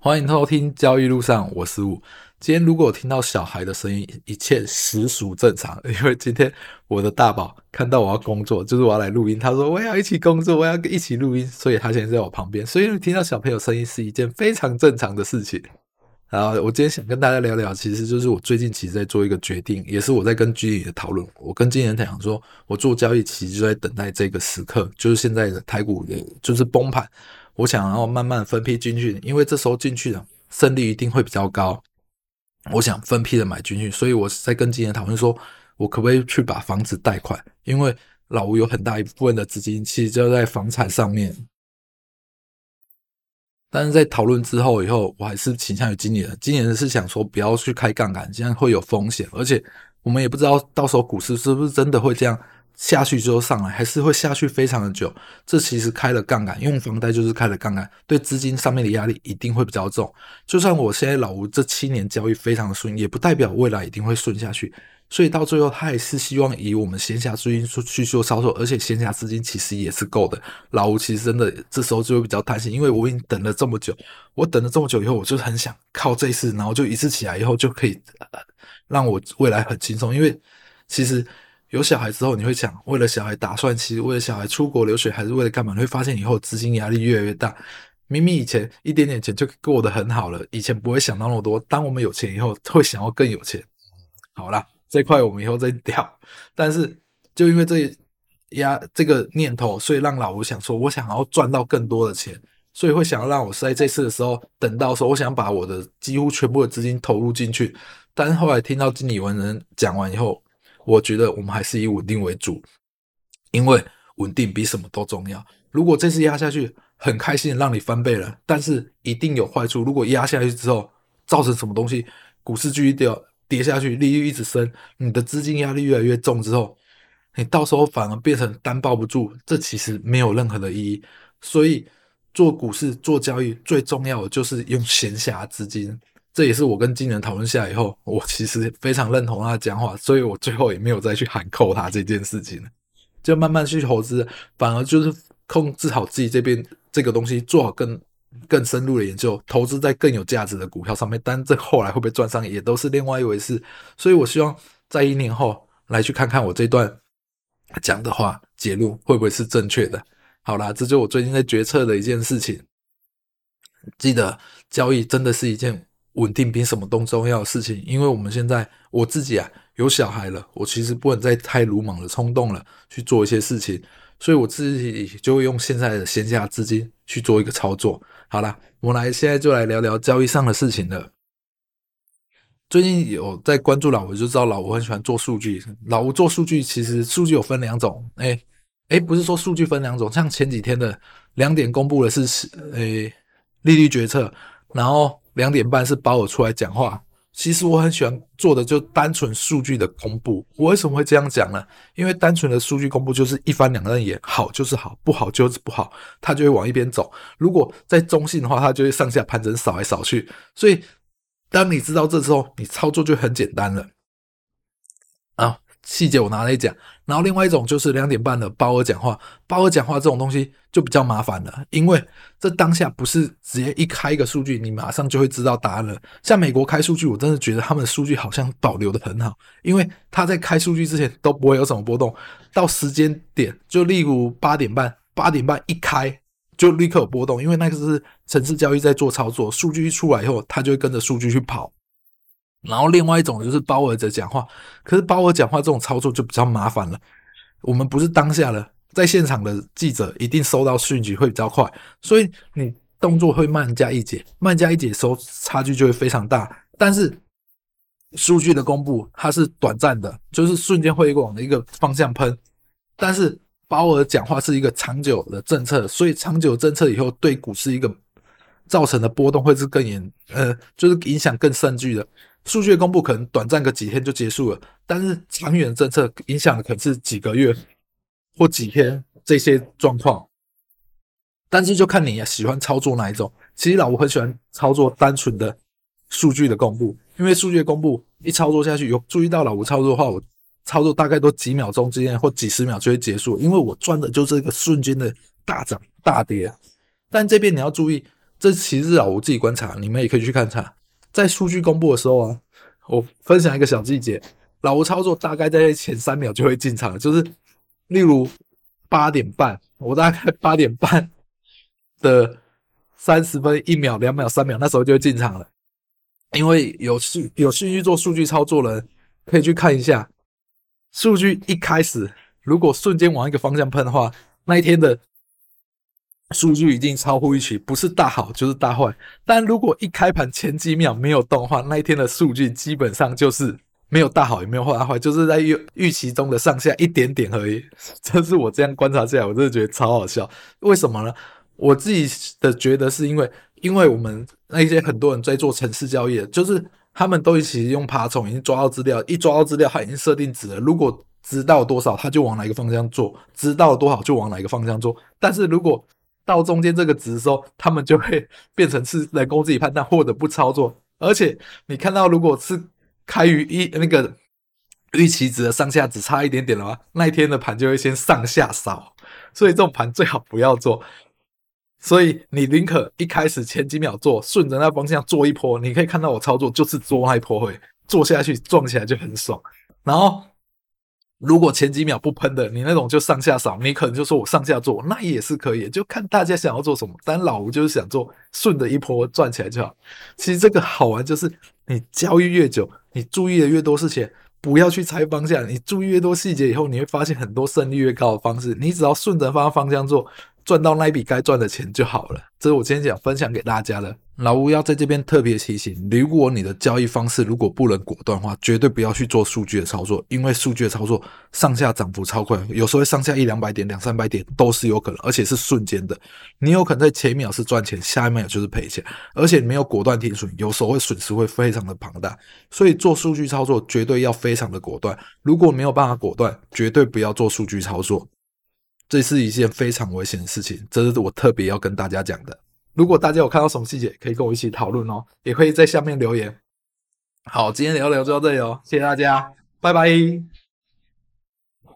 歡迎收聽交易路上，我是吳。今天如果我聽到小孩的聲音，一切實屬正常，因為今天我的大寶看到我要工作，就是我要來錄音，他說我要一起工作，我要一起錄音，所以他現在在我旁邊，所以你聽到小朋友聲音是一件非常正常的事情。好，我今天想跟大家聊聊，其實就是我最近其實在做一個決定，也是我在跟經理討論。我跟經理講說，我做交易其實就在等待這個時刻，就是現在的台股就是崩盤。我想要慢慢分批進去，因為這時候進去的勝率一定會比較高。我想分批的買進去，所以我在跟今年討論說，我可不可以去把房子貸款？因為老吳有很大一部分的資金其實就在房產上面。但是在討論之後以後，我還是傾向於今年。今年是想說不要去開槓桿，這樣會有風險，而且我們也不知道到時候股市是不是真的會這樣。下去之後上來還是會下去非常的久，這其實開了槓桿，用房貸就是開了槓桿，對資金上面的壓力一定會比較重。就算我現在老吳這七年交易非常的順利，也不代表未來一定會順下去。所以到最後他也是希望以我們閒暇資金去去做操作，而且閒暇資金其實也是夠的。老吳其實真的這時候就會比較貪心，因為我已經等了這麼久，我等了這麼久以後，我就很想靠這次，然後就一次起來以後就可以，呃，讓我未來很輕鬆，因為其實。有小孩之後，你會想為了小孩打算，其實為了小孩出國留學，還是為了幹嘛？你會發現以後資金壓力越來越大。明明以前一點點錢就過得很好了，以前不會想到那麼多。當我們有錢以後，會想要更有錢。好啦，這塊我們以後再掉。但是就因為這壓這個念頭，所以讓老吳想說，我想要賺到更多的錢，所以會想要讓我在這次的時候等到說，我想把我的幾乎全部的資金投入進去。但是後來聽到經理文人講完以後。我覺得我們還是以穩定為主，因為穩定比什麼都重要。如果這次壓下去很開心，讓你翻倍了，但是一定有壞處。如果壓下去之後造成什麼東西，股市繼續掉跌下去，利率一直升，你的資金壓力越來越重之後，你到時候反而變成單抱不住，這其實沒有任何的意義。所以做股市，做交易最重要的就是用閒暇資金。這也是我跟金人討論下來以後，我其實非常認同他的講話，所以我最後也沒有再去喊扣他這件事情，就慢慢去投資，反而就是控制好自己這邊這個東西，做好更更深入的研究，投資在更有價值的股票上面。但這後來會不會賺上，也都是另外一回事。所以我希望在一年後來去看看我這段講的話結論會不會是正確的。好啦，這就是我最近在決策的一件事情。記得交易真的是一件。穩定比什麼都重要的事情，因為我們現在我自己啊有小孩了，我其實不能再太魯莽的衝動了去做一些事情，所以我自己就會用現在的閒暇資金去做一個操作。好啦，我們來現在就來聊聊交易上的事情了。最近有在關注老吳，就知道老吳很喜歡做數據。老吳做數據其實數據有分兩種，誒、欸、誒、欸、不是說數據分兩種，像前幾天的兩點公布的是誒、欸、利率決策，然後。兩點半是鮑爾出來講話。其實我很喜歡做的，就單純數據的公布。我為什麼會這樣講呢？因為單純的數據公布就是一翻兩瞪眼，好就是好，不好就是不好，它就會往一邊走。如果在中性的話，它就會上下盤整，掃來掃去。所以，當你知道這之後，你操作就很簡單了。細節我拿來講，然後另外一種就是兩點半的鮑爾講話，鮑爾講話這種東西就比較麻煩了，因為這當下不是直接一開一個數據，你馬上就會知道答案了。像美國開數據，我真的覺得他們的數據好像保留的很好，因為他在開數據之前都不會有什麼波動，到時間點就例如八點半，八點半一開就立刻有波動，因為那個是程式交易在做操作，數據一出來以後，他就會跟着數據去跑。然後另外一種就是鮑爾在講話，可是鮑爾講話這種操作就比較麻煩了。我們不是當下的，在現場的記者一定收到數據會比較快，所以你動作會慢加一截，慢加一截的時候差距就會非常大。但是數據的公布它是短暫的，就是瞬間會往的一個方向噴。但是鮑爾講話是一個長久的政策，所以長久政策以後對股市一個造成的波動會是更嚴，呃，就是影響更甚劇的。數據的公布可能短暫個幾天就結束了，但是長遠政策影響的可能是幾個月或幾天這些狀況。但是就看你呀，喜歡操作哪一種。其實老吳很喜歡操作單純的數據的公布，因為數據的公布一操作下去，有注意到老吳操作的話，我操作大概都幾秒鐘之間或幾十秒就會結束，因為我賺的就是一個瞬間的大漲大跌。但這邊你要注意，這是其實老吳自己觀察，你們也可以去看看。在數據公布的時候啊，我分享一個小細節，老吳操作大概在前三秒就會進場了，就是例如八點半，我大概八點半的三十分一秒兩秒三秒那時候就進場了，因為有數有興趣做數據操作的人可以去看一下，數據一開始如果瞬間往一個方向噴的話，那一天的數據已經超乎預期，不是大好就是大壞。但如果一開盤前幾秒沒有動的話，那一天的數據基本上就是沒有大好，也沒有大壞，就是在預預期中的上下一點點而已。這是我這樣觀察下來，我真的覺得超好笑。為什麼呢？我自己的覺得是因為，因為我們那些很多人在做程式交易，就是他們都一起用爬蟲已經抓到資料，一抓到資料他已經設定值了。如果知道了多少，他就往哪一個方向做；知道了多少就往哪一個方向做。但是如果到中間這個值的時候，他們就會變成是人工自己判斷或者不操作。而且你看到，如果是開於一那個預期值的上下只差一點點的話，那一天的盤就會先上下掃，所以這種盤最好不要做。所以你寧可一開始前幾秒做，順着那方向做一波，你可以看到我操作就是做那一波會做下去撞起來就很爽，然後。如果前幾秒不噴的，你那種就上下掃，你可能就說我上下做，那也是可以，就看大家想要做什麼。但老吳就是想做順着一波賺起來就好。其實這個好玩就是，你交易越久，你注意的越多事情，不要去猜方向，你注意越多細節以後，你會發現很多勝率越高的方式，你只要順着方方向做，賺到那一筆該賺的錢就好了。這是我今天想分享給大家的。老吳要在這邊特別提醒：如果你的交易方式如果不能果斷的話，絕對不要去做數據的操作，因為數據的操作上下漲幅超快，有時候會上下一兩百點、兩三百點都是有可能，而且是瞬間的。你有可能在前一秒是賺錢，下一秒就是賠錢，而且沒有果斷停損，有時候會損失會非常的龐大。所以做數據操作絕對要非常的果斷。如果沒有辦法果斷，絕對不要做數據操作。這是一件非常危險的事情，這是我特別要跟大家講的。如果大家有看到什麼細節，可以跟我一起討論哦，也可以在下面留言。好，今天聊聊就到這裡哦，謝謝大家，拜拜。